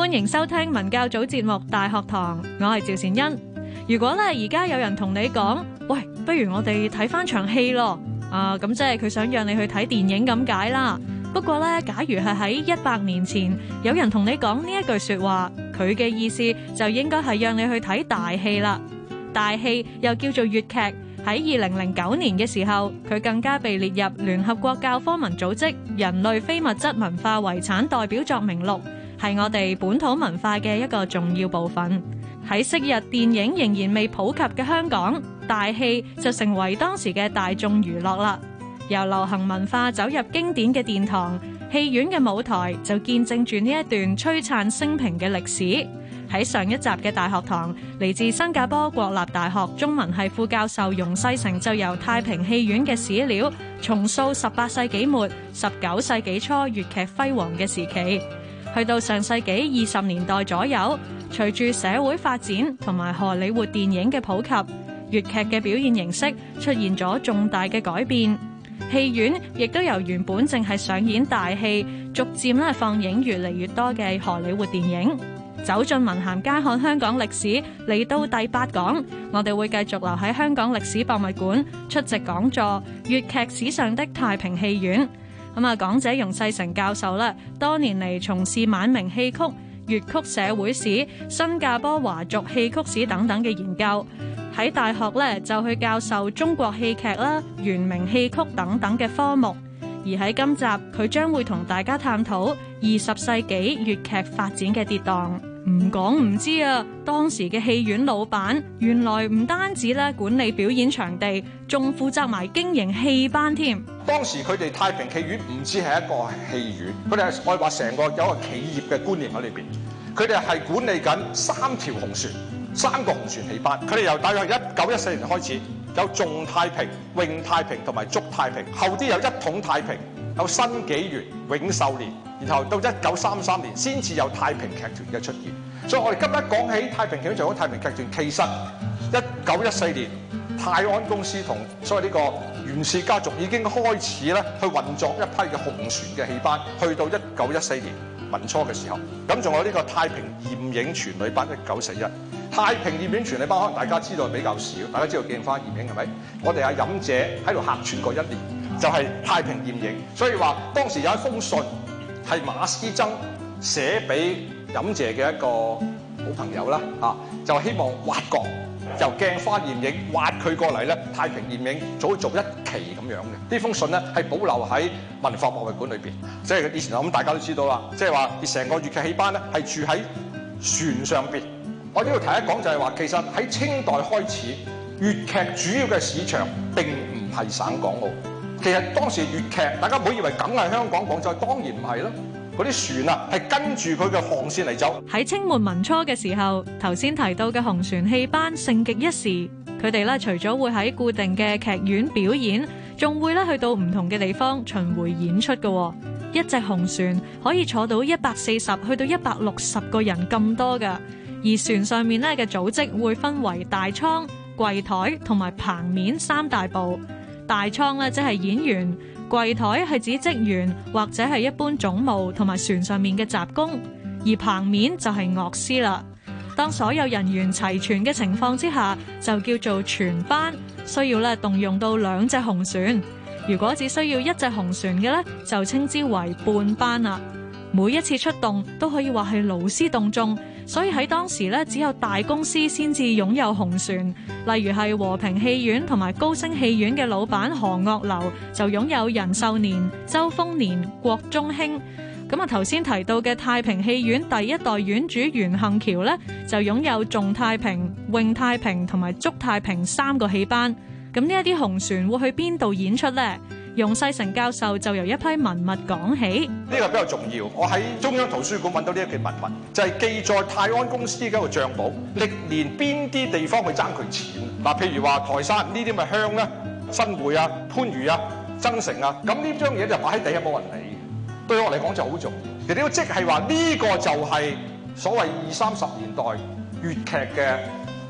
歡迎收聽文教組節目《大學堂》，我係趙善恩。如果咧而家有人同你講，喂，不如我哋睇翻場戲咯，啊，咁即係佢想讓你去睇電影咁解啦。不過咧，假如係喺一百年前有人同你講呢一句說話，佢嘅意思就應該係讓你去睇大戲啦。大戲又叫做粵劇。喺二零零九年嘅時候，佢更加被列入聯合國教科文組織人類非物質文化遺產代表作名錄。係我哋本土文化嘅一個重要部分。喺昔日電影仍然未普及嘅香港，大戲就成為當時嘅大眾娛樂啦。由流行文化走入經典嘅殿堂，戲院嘅舞台就見證住呢一段璀璨升平嘅歷史。喺上一集嘅大學堂，嚟自新加坡國立大學中文系副教授容世誠就由太平戲院嘅史料，重塑十八世紀末、十九世紀初粵劇輝煌嘅時期。去到上世紀二十年代左右，隨住社會發展同埋荷里活電影嘅普及，粵劇嘅表現形式出現咗重大嘅改變。戲院亦都由原本淨係上演大戲，逐漸咧放映越嚟越多嘅荷里活電影。走進文咸街看香港歷史，嚟到第八講，我哋會繼續留喺香港歷史博物館出席講座《粵劇史上的太平戲院》。咁啊，講者容世成教授咧，多年嚟從事晚明戲曲、粵曲社會史、新加坡華族戲曲史等等嘅研究。喺大學咧就去教授中國戲劇啦、元明戲曲等等嘅科目，而喺今集佢將會同大家探討二十世紀粵劇發展嘅跌宕。唔講唔知啊，當時嘅戲院老闆原來唔單止咧管理表演場地，仲負責埋經營戲班添。當時佢哋太平戲院唔止係一個戲院，佢哋係我哋話成個有一個企業嘅觀念喺裏邊。佢哋係管理緊三條紅船，三個紅船戲班。佢哋由大約一九一四年開始，有眾太平、永太平同埋竹太平，後啲有一統太平。有新紀元、永壽年，然後到一九三三年先至有太平劇團嘅出現。所以我哋今日講起太平劇團，就係太平劇團，其實一九一四年泰安公司同所謂呢個袁氏家族已經開始咧去運作一批嘅紅船嘅戲班。去到一九一四年民初嘅時候，咁仲有呢個太平艷影全女班。一九四一太平艷影全女班可能大家知道比較少，大家知道鏡花艷影係咪？我哋阿飲者喺度客串過一年。就係太平艷影，所以話當時有一封信係馬師曾寫俾飲謝嘅一個好朋友啦，嚇、啊、就希望挖角由鏡花艷影挖佢過嚟咧，太平艷影組做一期咁樣嘅呢封信咧，係保留喺文化博物館裏邊。即係以前我諗大家都知道啦，即係話成個粵劇戲班咧係住喺船上邊。我呢度提一講就係話，其實喺清代開始，粵劇主要嘅市場並唔係省港澳。其實當時粵劇，大家唔好以為梗係香港廣州，當然唔係咯。嗰啲船啊，係跟住佢嘅航線嚟走。喺清末民初嘅時候，頭先提到嘅紅船戲班盛極一時，佢哋咧除咗會喺固定嘅劇院表演，仲會咧去到唔同嘅地方巡迴演出嘅。一隻紅船可以坐到一百四十去到一百六十個人咁多㗎，而船上面咧嘅組織會分為大倉、櫃台同埋棚面三大部。大倉咧即係演員，櫃台係指職員或者係一般總務同埋船上面嘅雜工，而棚面就係樂師啦。當所有人員齊全嘅情況之下，就叫做全班。需要咧動用到兩隻紅船，如果只需要一隻紅船嘅咧，就稱之為半班啦。每一次出動都可以話係勞師動眾。所以喺當時咧，只有大公司先至擁有紅船，例如係和平戲院同埋高升戲院嘅老闆何岳樓就擁有人壽年、周豐年、國中興。咁啊，頭先提到嘅太平戲院第一代院主袁幸橋咧，就擁有眾太平、永太平同埋足太平三個戲班。咁呢一啲紅船會去邊度演出呢？容世成教授就由一批文物講起，呢個比較重要。我喺中央圖書館揾到呢一件文物，就係、是、記載泰安公司嗰個賬簿，歷年邊啲地方去爭佢錢。嗱，譬如話台山呢啲咪香咧，新會啊、番禺啊、增城啊，咁呢張嘢就擺喺地下冇人理嘅。對我嚟講就好重要。其實即係話呢個就係所謂二三十年代粵劇嘅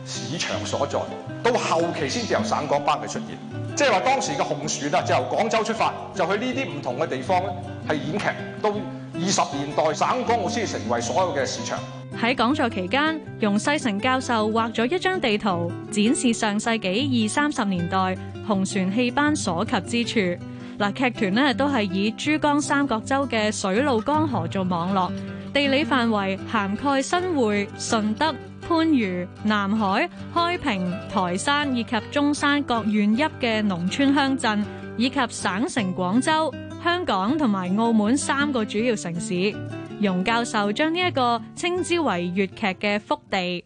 市場所在，到後期先至由省港班去出現。即係話當時嘅紅船啊，就由廣州出發，就去呢啲唔同嘅地方咧，係演劇。到二十年代，省港澳先至成為所有嘅市場。喺講座期間，容世成教授畫咗一張地圖，展示上世紀二三十年代紅船戲班所及之處。嗱，劇團呢都係以珠江三角洲嘅水路江河做網絡，地理範圍涵蓋新會、順德、番禺、南海、開平、台山以及中山各縣邑嘅農村鄉鎮，以及省城廣州、香港同埋澳門三個主要城市，容教授將呢一個稱之為粵劇嘅福地。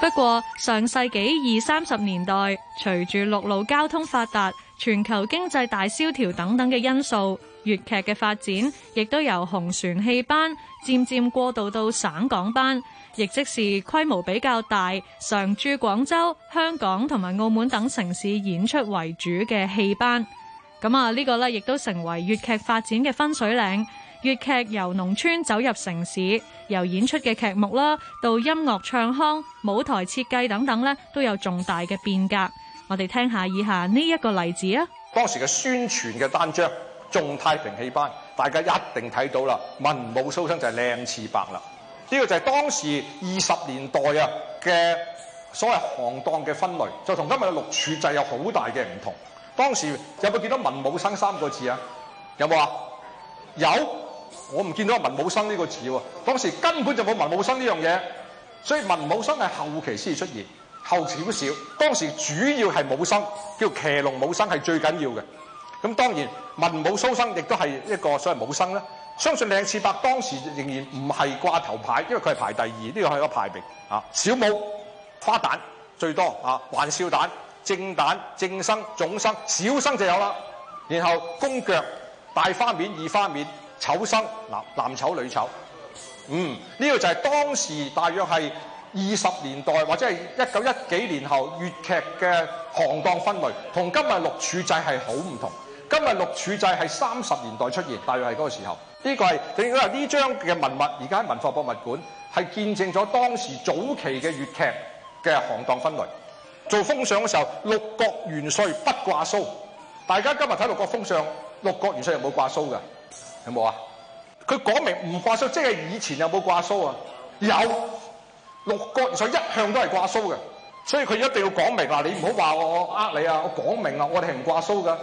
不過上世紀二三十年代，隨住陸路交通發達。全球經濟大蕭條等等嘅因素，粵劇嘅發展亦都由紅船戲班漸漸過渡到省港班，亦即是規模比較大、常駐廣州、香港同埋澳門等城市演出為主嘅戲班。咁啊，呢個呢亦都成為粵劇發展嘅分水嶺。粵劇由農村走入城市，由演出嘅劇目啦，到音樂唱腔、舞台設計等等呢，都有重大嘅變革。我哋聽下以下呢一個例子啊。當時嘅宣傳嘅單張，衆太平戲班，大家一定睇到啦。文武生就係靚次白啦。呢個就係當時二十年代啊，嘅所謂行當嘅分類，就同今日嘅六柱制有好大嘅唔同。當時有冇見到文武生三個字啊？有冇啊？有。我唔見到文武生呢個字喎。當時根本就冇文武生呢樣嘢，所以文武生係後期先至出現。後少少，當時主要係武生，叫騎龍武生係最緊要嘅。咁當然文武雙生亦都係一個所謂武生啦。相信靚次伯當時仍然唔係掛頭牌，因為佢係排第二，呢、呢個係一個排名。啊，小武、花旦最多，啊，玩笑旦、正旦、正生、總生、小生就有啦。然後公腳大花面、二花面、丑生，男男丑、女丑。嗯，呢、呢個就係當時大約係。二十年代或者係一九一幾年後，粵劇嘅行當分類同今日六柱制係好唔同。今日六柱制係三十年代出現，大約係嗰個時候。呢、呢個係正如呢張嘅文物，而家喺文化博物館係見證咗當時早期嘅粵劇嘅行當分類。做封相嘅時候，六國元帥不掛鬚。大家今日睇六國封相，六國元帥有冇掛鬚㗎？有冇啊？佢講明唔掛鬚，即係以前有冇掛鬚啊？有。六角所以一向都係掛鬚嘅，所以佢一定要講明嗱，你唔好話我我呃你啊，我講明啦，我哋唔掛鬚㗎。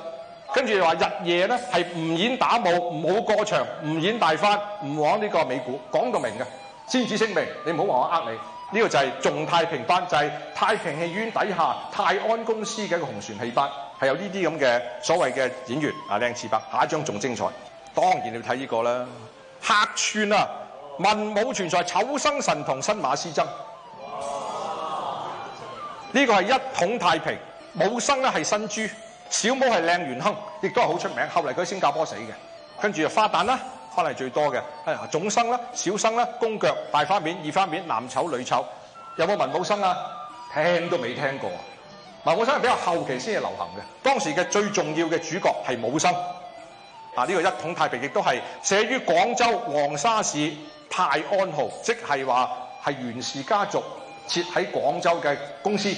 跟住話日夜呢係唔演打武，唔冇過場，唔演大翻，唔玩呢個美股講到明嘅，先至聲明，你唔好話我呃你。呢個就係眾太平班，就係、是、太平戲院底下泰安公司嘅一個紅船戲班，係有呢啲咁嘅所謂嘅演員啊，靚次伯，下一張仲精彩，當然要睇呢個啦，客串啊！.文武全才，丑生神同新馬之爭，呢哇個係一統太平。武生咧係新珠，小武係靚元亨，亦都係好出名。後嚟佢新加坡死嘅，跟住花旦啦，翻嚟最多嘅。啊，總生啦，小生啦，公腳大花面，二花面，男丑女丑，有冇文武生啊？聽都未聽過。文武生係比較後期先係流行嘅，當時嘅最重要嘅主角係武生。啊，呢、這個一統太平亦都係寫於廣州黃沙市。泰安號，即係話係袁氏家族設喺廣州嘅公司。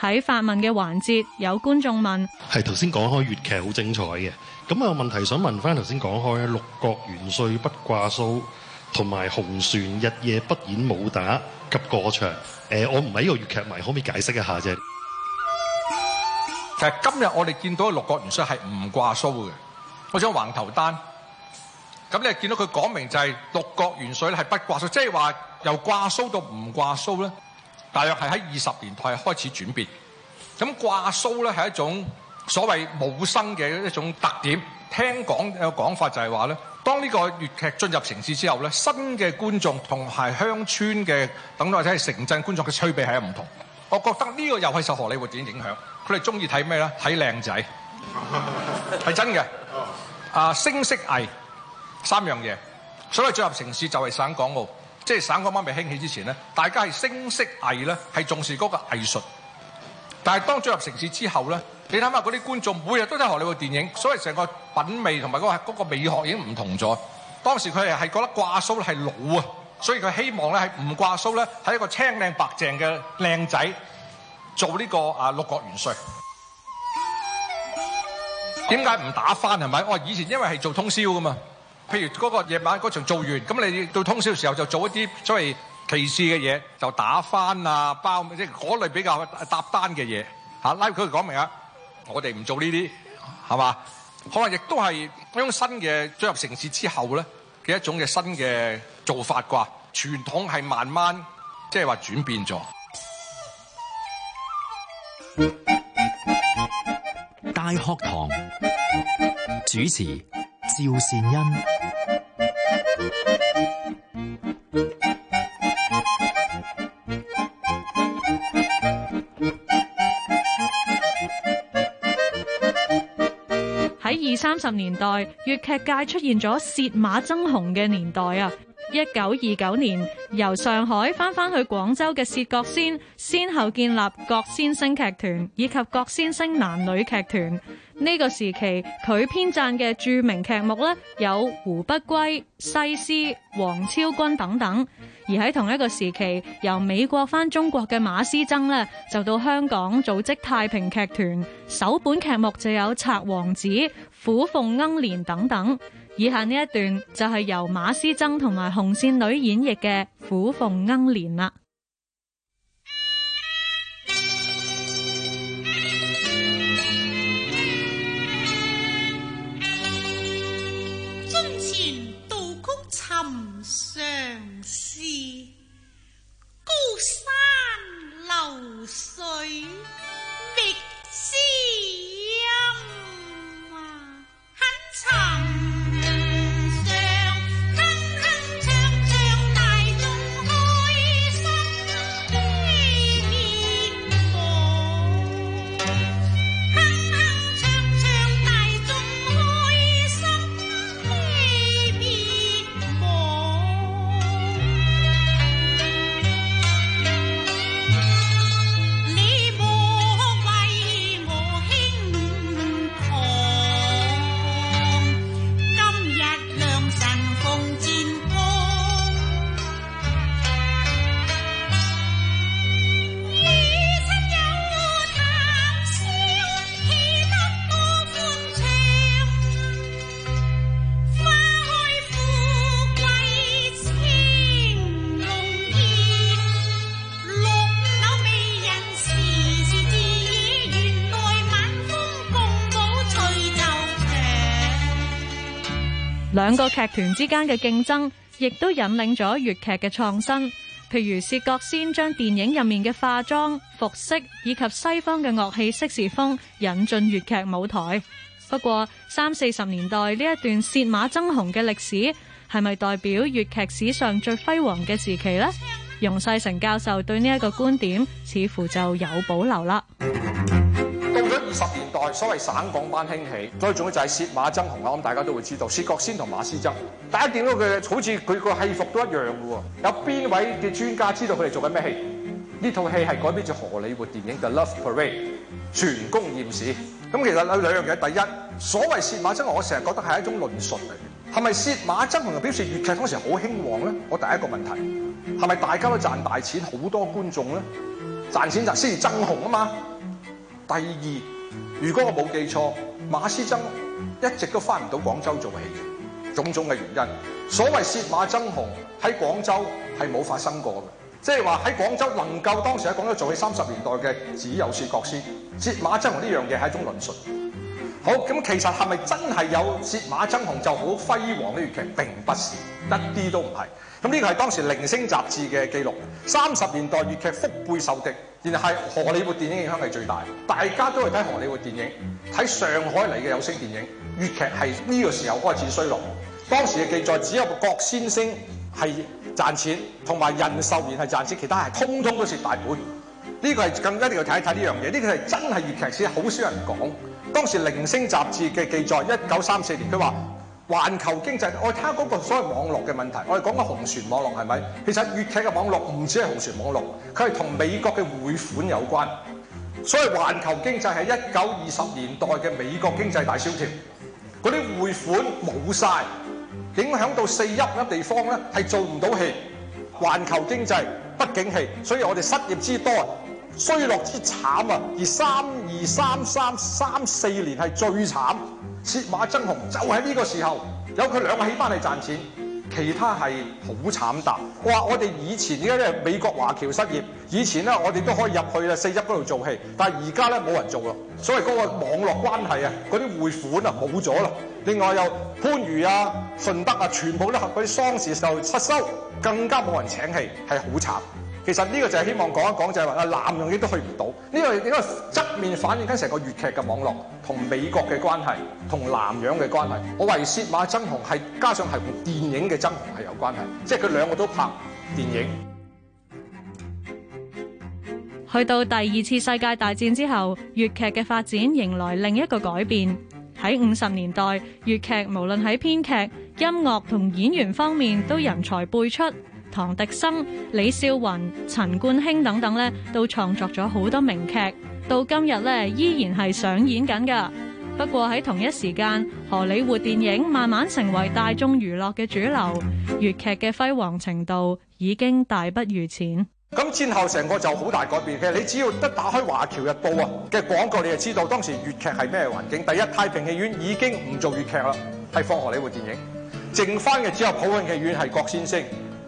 喺發問嘅環節，有觀眾問，係頭先講開粵劇好精彩嘅，咁啊問題想問翻頭先講開啊，六國元帥不掛鬚，同埋紅船日夜不演武打及過場。誒、呃，我唔係呢個粵劇迷，可唔可以解釋一下啫？其實今日我哋見到嘅六國元帥係唔掛鬚嘅，我想橫頭單。咁你見到佢講明就係六角元水係不掛鬚，即係話由掛鬚到唔掛鬚咧，大約係喺二十年代開始轉變。咁掛鬚咧係一種所謂武生嘅一種特點。聽講有講法就係話咧，當呢個粵劇進入城市之後咧，新嘅觀眾同埋鄉村嘅等或者係城鎮觀眾嘅區別係唔同。我覺得呢個又係受荷里活電影影響。佢哋中意睇咩咧？睇靚仔，係 真嘅。Oh. 啊，聲色藝。三樣嘢，所謂進入城市就係省港澳，即係省港澳未興起之前咧，大家係聲色藝咧係重視嗰個藝術。但係當進入城市之後咧，你睇下嗰啲觀眾每日都睇學你部電影，所以成個品味同埋嗰個美學已經唔同咗。當時佢係係覺得掛鬚係老啊，所以佢希望咧係唔掛鬚咧係一個青靚白淨嘅靚仔做呢個啊六國元帥。點解唔打翻係咪？我以前因為係做通宵㗎嘛。譬如嗰個夜晚嗰場做完，咁你到通宵時候就做一啲所謂歧視嘅嘢，就打翻啊包，即係嗰類比較搭單嘅嘢嚇。拉佢講明啊，明我哋唔做呢啲係嘛？啊、可能亦都係一種新嘅進入城市之後咧嘅一種嘅新嘅做法啩。傳統係慢慢即係話轉變咗。大學堂主持趙善恩。喺二三十年代，粵劇界出現咗薛馬爭雄嘅年代啊！一九二九年由上海翻返去廣州嘅薛覺先，先後建立覺先聲劇團以及覺先聲男女劇團。呢、這個時期佢編撰嘅著名劇目咧有胡不歸、西施、王昭君等等。而喺同一個時期由美國翻中國嘅馬師曾咧，就到香港組織太平劇團，首本劇目就有《賊王子》、《苦鳳鶯憐》等等。以下呢一段就係、是、由馬師曾同埋紅線女演繹嘅《苦鳳鶯憐》啦。樽前杜曲尋常事。兩個劇團之間嘅競爭，亦都引領咗粵劇嘅創新。譬如薛覺先將電影入面嘅化妝、服飾以及西方嘅樂器、西式風引進粵劇舞台。不過三四十年代呢一段薛馬爭雄嘅歷史，係咪代表粵劇史上最輝煌嘅時期呢？容世成教授對呢一個觀點似乎就有保留啦。十年代所謂省港班興起，所以重要就係薛馬爭雄啊！大家都會知道薛覺先同馬師曾，大家見到佢好似佢個戲服都一樣噶喎。有邊位嘅專家知道佢哋做緊咩戲？呢套戲係改編自荷里活電影嘅《Love Parade》，璇宮艷史。咁其實有兩樣嘢，第一，所謂薛馬爭雄，我成日覺得係一種論述嚟嘅。係咪薛馬爭雄就表示粵劇當時好興旺咧？我第一個問題係咪大家都賺大錢，好多觀眾咧？賺錢就先爭雄啊嘛。第二。如果我冇記錯，馬師曾一直都返唔到廣州做戲嘅，種種嘅原因。所謂薛馬爭雄喺廣州係冇發生過嘅，即係話喺廣州能夠當時喺廣州做戲三十年代嘅只有薛覺先。薛馬爭雄呢樣嘢係一種論述。好，咁其實係咪真係有薛馬爭雄就好輝煌嘅粵劇？並不是，一啲都唔係。咁呢個係當時《伶星雜誌》嘅記錄。三十年代粵劇腹背受敵然後係荷里活電影影響係最大，大家都係睇荷里活電影，睇上海嚟嘅有聲電影。粵劇係呢個時候開始衰落。當時嘅記載只有個郭先生係賺錢，同埋任秀然係賺錢，其他係通通都蝕大本。呢、這個係更加一定要睇一睇呢樣嘢。呢、這個係、這個、真係粵劇史好少人講。當時《零星雜誌》嘅記載，一九三四年，佢話。環球經濟，我哋睇下嗰個所謂網絡嘅問題，我哋講緊紅船網絡係咪？其實粵劇嘅網絡唔止係紅船網絡，佢係同美國嘅匯款有關。所謂環球經濟係一九二十年代嘅美國經濟大蕭條，嗰啲匯款冇晒，影響到四邑嗰地方咧係做唔到戲。環球經濟不景氣，所以我哋失業之多，衰落之慘啊！而三二三三三四年係最慘。策馬爭雄就喺呢個時候，有佢兩個起班嚟賺錢，其他係好慘淡。哇！我哋以前而家咧美國華僑失業，以前咧我哋都可以入去啦四邑嗰度做戲，但係而家咧冇人做啦。所以嗰個網絡關係啊，嗰啲匯款啊冇咗啦。另外又番禺啊、順德啊，全部都係啲喪事就失收，更加冇人請戲，係好慘。其實呢個就係希望講一講，就係話啊南洋亦都去唔到，呢個呢個側面反映緊成個粵劇嘅網絡同美國嘅關係，同南洋嘅關係。我懷疑薛馬爭雄係加上係同電影嘅爭雄係有關係，即係佢兩個都拍電影。去到第二次世界大戰之後，粵劇嘅發展迎來另一個改變。喺五十年代，粵劇無論喺編劇、音樂同演員方面都人才輩出。唐迪生、李少雲、陳冠卿等等咧，都創作咗好多名劇，到今日咧依然係上演緊噶。不過喺同一時間，荷里活電影慢慢成為大眾娛樂嘅主流，粵劇嘅輝煌程度已經大不如前。咁戰後成個就好大改變嘅，你只要一打開《華僑日報》啊嘅廣告，你就知道當時粵劇係咩環境。第一，太平戲院已經唔做粵劇啦，係放荷里活電影，剩翻嘅只有普慶戲院係郭先生。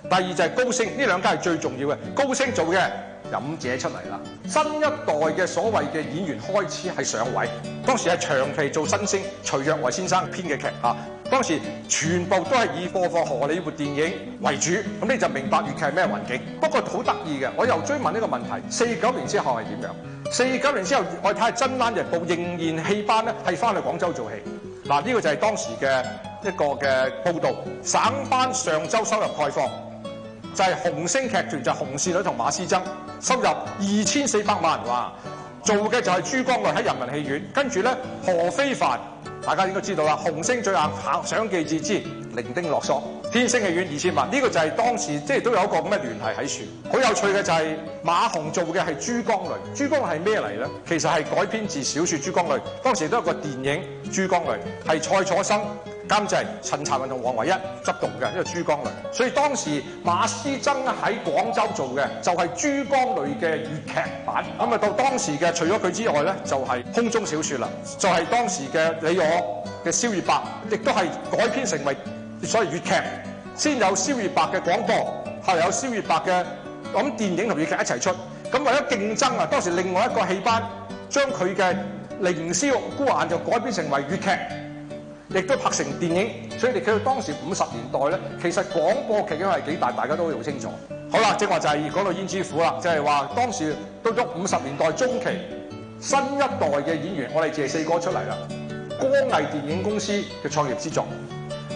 第二就係高升，呢兩家係最重要嘅。高升做嘅飲者出嚟啦，新一代嘅所謂嘅演員開始係上位。當時係長期做新星，徐若為先生的編嘅劇啊。當時全部都係以播放荷里活電影為主，咁你就明白粵劇係咩環境。不過好得意嘅，我又追問呢個問題：四九年之後係點樣？四九年之後，我睇看《看真單日報》，仍然戲班呢係翻去廣州做戲。嗱、啊，呢、這個就係當時嘅一個嘅報導。省班上周收入概況。就係紅星劇團就紅、是、事女同馬思曾收入二千四百萬哇！做嘅就係《珠江淚》喺人民戲院，跟住咧何非凡大家應該知道啦，《紅星最硬》想記自之，零丁落索，天星戲院二千萬呢、這個就係當時即係、就是、都有一個咁嘅聯繫喺處。好有趣嘅就係馬紅做嘅係《珠江淚》，珠江係咩嚟咧？其實係改編自小説《珠江淚》，當時都有個電影《珠江淚》，係蔡楚生。監製陳查雲同王唯一執導嘅呢個《珠江淚》，所以當時馬師曾喺廣州做嘅就係、是《珠江淚》嘅粵劇版。咁啊到當時嘅除咗佢之外咧，就係、是《空中小説》啦，就係、是、當時嘅李我嘅蕭月白，亦都係改編成為所謂粵劇，先有蕭月白嘅廣播，後有蕭月白嘅咁電影同粵劇一齊出。咁為咗競爭啊，當時另外一個戲班將佢嘅《凌霄孤雁》就改編成為粵劇。亦都拍成電影，所以你睇到當時五十年代咧，其實廣播劇因為幾大，大家都好清楚。好啦，即係話就係講到胭脂虎啦，就係話當時到咗五十年代中期，新一代嘅演員，我哋謝四哥出嚟啦，光藝電影公司嘅創業之作。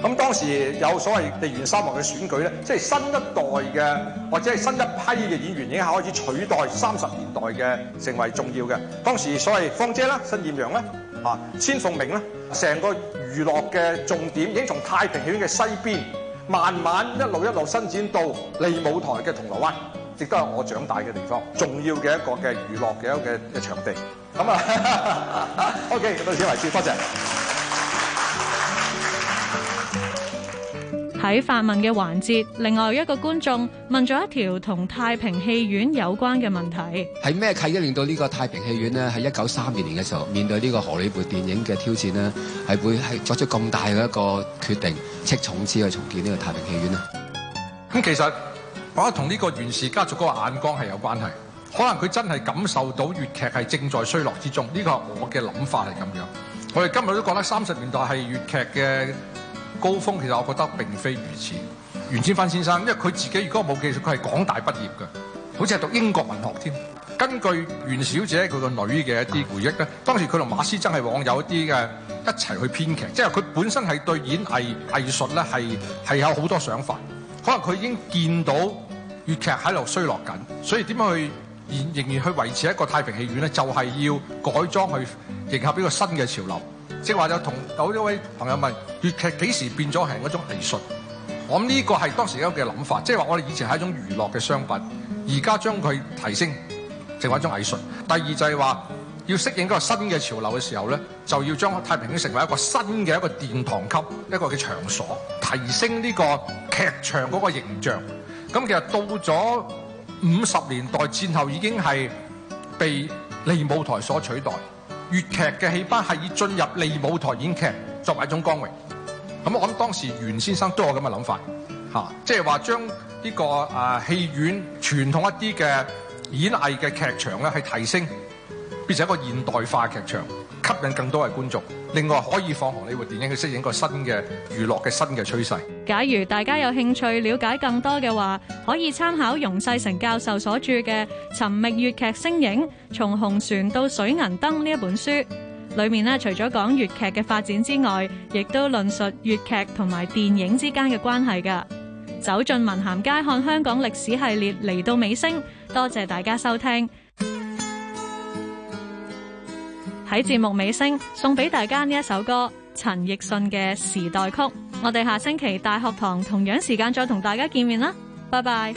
咁當時有所謂地緣三王嘅選舉咧，即係新一代嘅或者係新一批嘅演員已經開始取代三十年代嘅成為重要嘅。當時所謂芳姐啦、新豔陽啦、啊、千鳳鳴啦，成個。娛樂嘅重點已經從太平戲院嘅西邊，慢慢一路一路伸展到利舞台嘅銅鑼灣，亦都係我長大嘅地方，重要嘅一個嘅娛樂嘅一個嘅嘅場地。咁啊，OK，到此為止，多謝。喺發問嘅環節，另外一個觀眾問咗一條同太平戲院有關嘅問題。係咩契機令到呢個太平戲院咧？喺一九三二年嘅時候，面對呢個荷里活電影嘅挑戰咧，係會係作出咁大嘅一個決定，斥重資去重建呢個太平戲院呢？咁其實我覺得同呢個原氏家族嗰個眼光係有關係。可能佢真係感受到粵劇係正在衰落之中。呢、這個係我嘅諗法係咁樣。我哋今日都覺得三十年代係粵劇嘅高峰，其實我覺得並非如此。袁千帆先生，因為佢自己如果冇技術，佢係港大畢業嘅，好似係讀英國文學添。根據袁小姐佢個女嘅一啲回憶咧，嗯、當時佢同馬師曾係往有一啲嘅一齊去編劇，即係佢本身係對演藝藝術咧係係有好多想法。可能佢已經見到粵劇喺度衰落緊，所以點樣去仍然去維持一個太平戲院咧，就係、是、要改裝去迎合呢個新嘅潮流。即係話有同某一位朋友問粵劇幾時變咗係一種藝術？我諗呢個係當時一個嘅諗法，即係話我哋以前係一種娛樂嘅商品，而家將佢提升成為一種藝術。第二就係話要適應嗰個新嘅潮流嘅時候咧，就要將太平戲成為一個新嘅一個殿堂級一個嘅場所，提升呢個劇場嗰個形象。咁其實到咗五十年代戰後已經係被利舞台所取代。粵劇嘅戲班係以進入利舞台演劇作為一種光榮，咁我諗當時袁先生都有咁嘅諗法，吓、啊，即係話將呢個誒、啊、戲院傳統一啲嘅演藝嘅劇場咧，係提升，變成一個現代化劇場。吸引更多嘅觀眾，另外可以放學呢部電影去適應一個新嘅娛樂嘅新嘅趨勢。假如大家有興趣了解更多嘅話，可以參考容世成教授所著嘅《尋覓粵劇聲影：從紅船到水銀燈》呢一本書。裏面呢除咗講粵劇嘅發展之外，亦都論述粵劇同埋電影之間嘅關係噶。《走進文咸街看香港歷史》系列嚟到尾聲，多謝大家收聽。睇節目尾聲，送俾大家呢一首歌，陳奕迅嘅《時代曲》。我哋下星期大學堂同樣時間再同大家見面啦，拜拜。